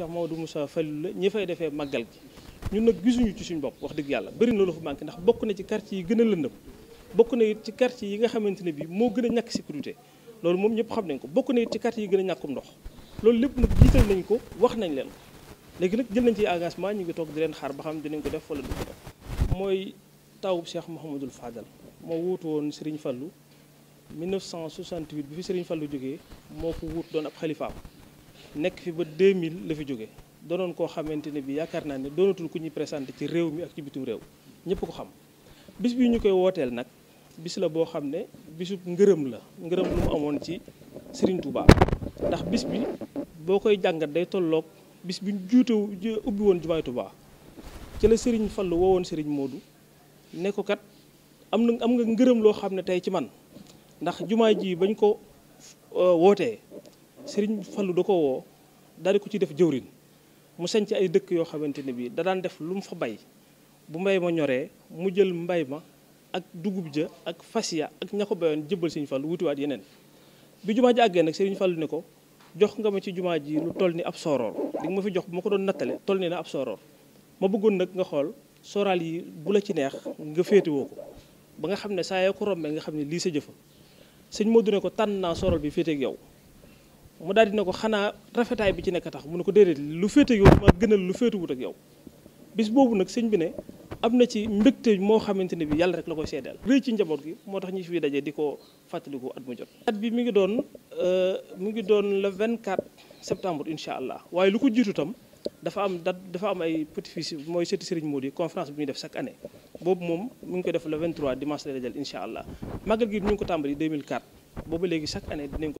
Cheikh Maodo Moussa Falilou la fay defee màggal gi ñun nag gisuñu ci suñu bopp wax dëgg yàlla bëri na lu fa manqué ndax bokk na ci quartier yi gën a lëndëm bokk na it ci quartier yi nga xamante ne bii moo gën a ñàkk sécurité loolu moom ñëpp xam nañ ko bokk na it ci quartier yi gën a ñàkkum ndox loolu lépp nag ko wax nañ leen léegi nag jël nañ ci engagement ñu ngi toog di leen xaar ba xam dinañ ko def wala du ko def mooy tawub Cheikh Mouhamadul Fadal moo wuutu woon Serigne Fallou 1968 bi fi Serigne Fallou jógee moo ko wuut doon ab xalifaam nekk fi ba 2000 la fi jóge doonoon koo xamante ne bi yaakaar naa ne doonatul ku ñuy présenté ci réew mi ak ci bitim réew ñëpp ko xam bis bi ñu koy wooteel nag bis la boo xam ne bisub ngërëm la ngërëm lu mu amoon ci Serigne Touba ndax bis bi boo koy jàngat day tollook bis bi juute ubbi woon jumaay Touba ci la Serigne Fallou woowoon Serigne Modou ne ko kat am na am nga ngërëm loo xam ne tey ci man ndax jumaa ji bañ ko euh, wootee Serigne Fallou da ko woo daal di ko ci def jëwrin mu sañc ay dëkk yoo xamante ne bii da daan def lu mu fa bay bu mbay ma ñoree mu jël mbay ma ak dugub ja ak fas ya ak ña ko bayoon jëbbal Serigne Fallou wutiwaat yeneen bi jumaa ji àggee nag Serigne Fallou ne ko jox nga ma ci jumaa ji lu toll ni ab sooroor ma fi jox bu ma ko doon nattale toll ni na ab sooroor ma bëggoon nag nga xool sooraal yi bu la ci neex nga féetewoo ko ba nga xam ne saa yoo ko rombee nga xam ne lii sa jëfa sëñ Modou ne ko tànn naa sooral bi féete yow mu daal di ko xanaa rafetaay bi ci nekk tax mu ne ko déedéet lu féete yow ma gënal lu féete wut ak yow bis boobu nag sëñ bi ne am na ci mbégte moo xamante ne bi yàlla rek la koy seedeel rëy ci njaboot gi moo tax ñu fi dajee di ko fàttaliku at mu jot at bi mi ngi doon euh, mu ngi doon le 24 septembre incha allah waaye lu ko jiitu tam dafa am date dafa am ay petit fils mooy sëti sëriñ Modou conférence bi ñuy def chaque année boobu moom mu ngi koy def le 23 dimanche lay dajal incha allah màggal gi ñu ngi ko tàmbali 2004 ko